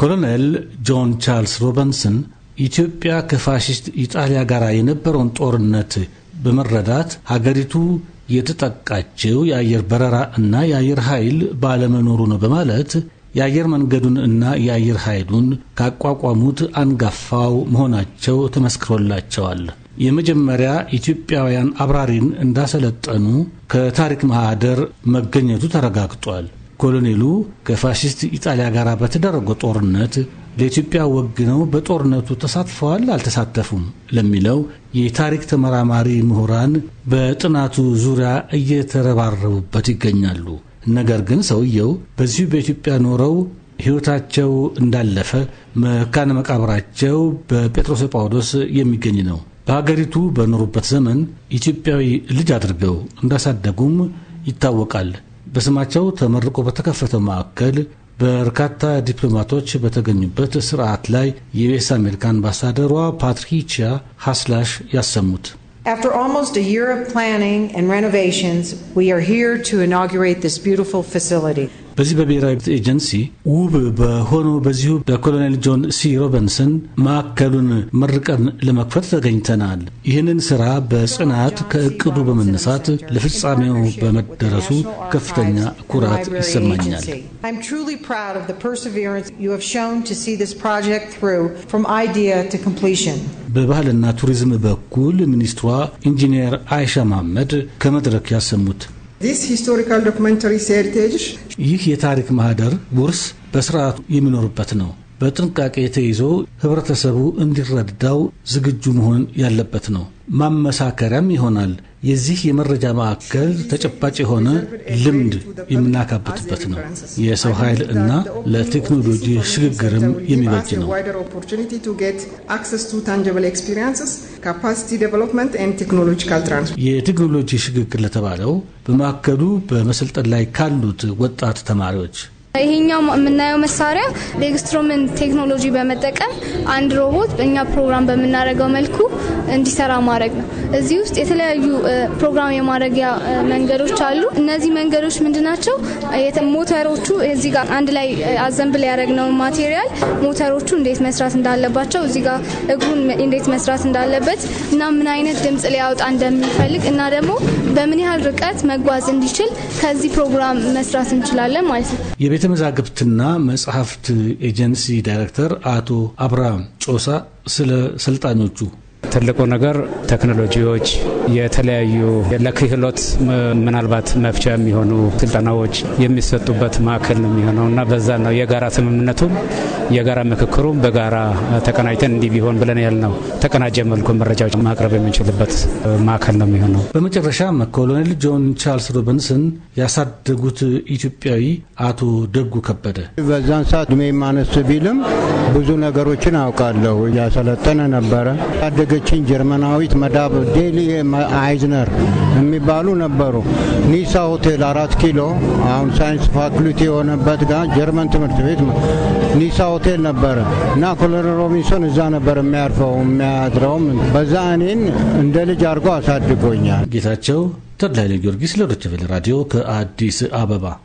ኮሎኔል ጆን ቻርልስ ሮቢንሰን ኢትዮጵያ ከፋሽስት ኢጣሊያ ጋር የነበረውን ጦርነት በመረዳት ሀገሪቱ የተጠቃችው የአየር በረራ እና የአየር ኃይል ባለመኖሩ ነው በማለት የአየር መንገዱን እና የአየር ኃይሉን ካቋቋሙት አንጋፋው መሆናቸው ተመስክሮላቸዋል። የመጀመሪያ ኢትዮጵያውያን አብራሪን እንዳሰለጠኑ ከታሪክ ማህደር መገኘቱ ተረጋግጧል። ኮሎኔሉ ከፋሽስት ኢጣሊያ ጋር በተደረገው ጦርነት ለኢትዮጵያ ወግነው በጦርነቱ ተሳትፈዋል አልተሳተፉም ለሚለው የታሪክ ተመራማሪ ምሁራን በጥናቱ ዙሪያ እየተረባረቡበት ይገኛሉ። ነገር ግን ሰውየው በዚሁ በኢትዮጵያ ኖረው ሕይወታቸው እንዳለፈ መካነ መቃብራቸው በጴጥሮስ ጳውሎስ የሚገኝ ነው። በሀገሪቱ በኖሩበት ዘመን ኢትዮጵያዊ ልጅ አድርገው እንዳሳደጉም ይታወቃል። በስማቸው ተመርቆ በተከፈተው ማዕከል በርካታ ዲፕሎማቶች በተገኙበት ስርዓት ላይ የዩኤስ አሜሪካ አምባሳደሯ ፓትሪቺያ ሀስላሽ ያሰሙት After almost a year of planning and renovations, we are here to inaugurate this beautiful facility. በዚህ በብሔራዊ ኤጀንሲ ውብ በሆነው በዚሁ በኮሎኔል ጆን ሲ ሮቢንሰን ማዕከሉን መርቀን ለመክፈት ተገኝተናል። ይህንን ስራ በጽናት ከእቅዱ በመነሳት ለፍጻሜው በመደረሱ ከፍተኛ ኩራት ይሰማኛል። በባህልና ቱሪዝም በኩል ሚኒስትሯ ኢንጂነር አይሻ መሐመድ ከመድረክ ያሰሙት ይህ የታሪክ ማህደር ውርስ በስርዓቱ የሚኖርበት ነው። በጥንቃቄ ተይዞ ህብረተሰቡ እንዲረዳው ዝግጁ መሆን ያለበት ነው። ማመሳከሪያም ይሆናል። የዚህ የመረጃ ማዕከል ተጨባጭ የሆነ ልምድ የምናካብትበት ነው። የሰው ኃይል እና ለቴክኖሎጂ ሽግግርም የሚበጅ ነው። የቴክኖሎጂ ሽግግር ለተባለው በማዕከሉ በመሰልጠን ላይ ካሉት ወጣት ተማሪዎች ይሄኛው የምናየው መሳሪያ ዴግስትሮምን ቴክኖሎጂ በመጠቀም አንድ ሮቦት በእኛ ፕሮግራም በምናደርገው መልኩ እንዲሰራ ማድረግ ነው። እዚህ ውስጥ የተለያዩ ፕሮግራም የማድረጊያ መንገዶች አሉ። እነዚህ መንገዶች ምንድናቸው? ሞተሮቹ እዚህ ጋር አንድ ላይ አዘንብል ያደረግነውን ማቴሪያል ሞተሮቹ እንዴት መስራት እንዳለባቸው እዚህ ጋር እግሩን እንዴት መስራት እንዳለበት እና ምን አይነት ድምፅ ሊያወጣ እንደሚፈልግ እና ደግሞ በምን ያህል ርቀት መጓዝ እንዲችል ከዚህ ፕሮግራም መስራት እንችላለን ማለት ነው። የቤተ መዛግብትና መጽሐፍት ኤጀንሲ ዳይሬክተር አቶ አብርሃም ጮሳ ስለ ሰልጣኞቹ ትልቁ ነገር ቴክኖሎጂዎች፣ የተለያዩ ለክህሎት ምናልባት መፍቻ የሚሆኑ ስልጠናዎች የሚሰጡበት ማዕከል ነው የሚሆነው እና በዛ ነው የጋራ ስምምነቱም የጋራ ምክክሩም በጋራ ተቀናጅተን እንዲህ ቢሆን ብለን ያል ነው ተቀናጀ መልኩ መረጃዎች ማቅረብ የምንችልበት ማዕከል ነው የሚሆነው። በመጨረሻም ኮሎኔል ጆን ቻርልስ ሮቢንስን ያሳደጉት ኢትዮጵያዊ አቶ ደጉ ከበደ በዛን ሰዓት እድሜ ማነስ ቢልም ብዙ ነገሮችን አውቃለሁ። እያሰለጠነ ነበረ ያደገ የወለደችን ጀርመናዊት መዳብ ዴሊ አይዝነር የሚባሉ ነበሩ። ኒሳ ሆቴል አራት ኪሎ አሁን ሳይንስ ፋኩልቲ የሆነበት ጋር ጀርመን ትምህርት ቤት ኒሳ ሆቴል ነበረ እና ኮሎኔል ሮቢንሶን እዛ ነበር የሚያርፈው የሚያድረውም። በዛ እኔን እንደ ልጅ አድርጎ አሳድጎኛል። ጌታቸው ተድላይ ጊዮርጊስ ለዶይቼ ቬለ ራዲዮ ከአዲስ አበባ